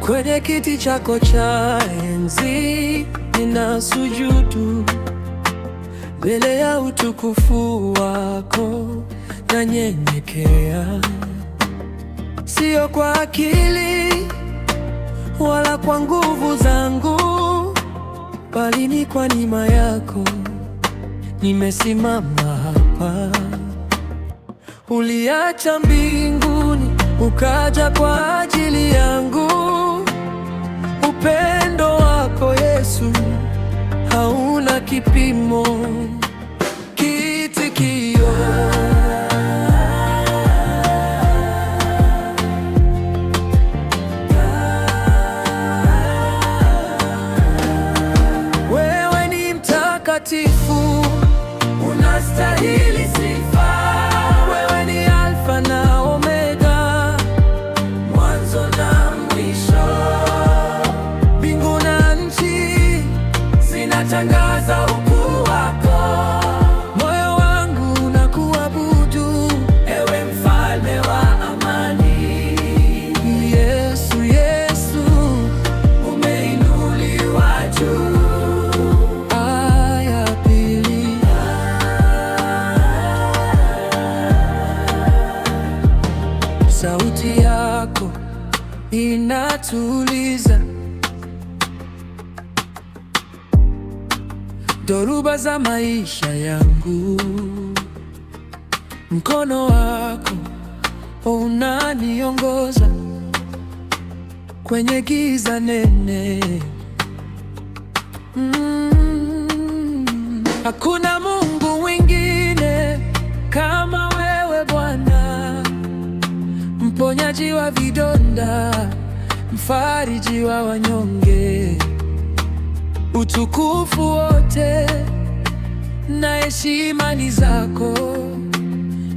Kwenye kiti chako cha enzi nina sujudu mbele ya utukufu wako, nanyenyekea. Sio kwa akili wala kwa nguvu zangu, bali ni kwa neema yako nimesimama hapa. Uliacha mbinguni ukaja kwa ajili yangu. Upendo wako Yesu hauna kipimo. mtakatifu, unastahili sifa. Wewe ni Alfa na Omega, mwanzo na mwisho. Mbingu na nchi zinatangaza ukuu wako. sauti yako inatuliza dhoruba za maisha yangu. Mkono wako unaniongoza kwenye giza nene. Mm, hakuna mponyaji wa vidonda, mfariji wa wanyonge. Utukufu wote na heshima ni zako,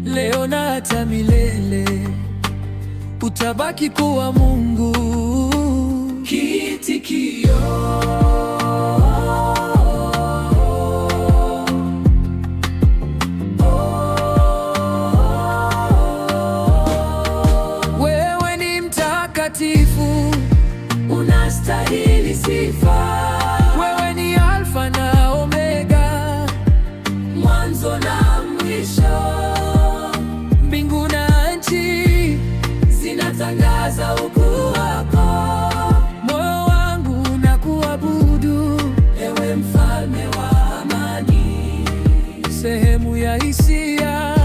leo na hata milele. Utabaki kuwa Mungu. Kiitikio. kutangaza ukuu wako, moyo wangu na kuabudu, ewe mfalme wa amani. Sehemu ya hisia,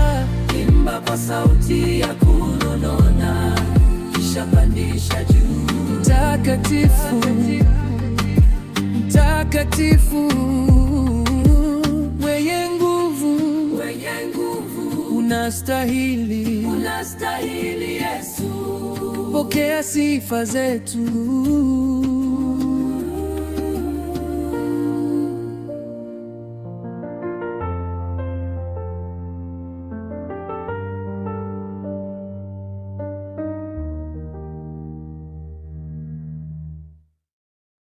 imba kwa sauti ya kunonona, kisha pandisha juu. Mtakatifu, mtakatifu, unastahili, unastahili Yesu. porque assim fazer tudo.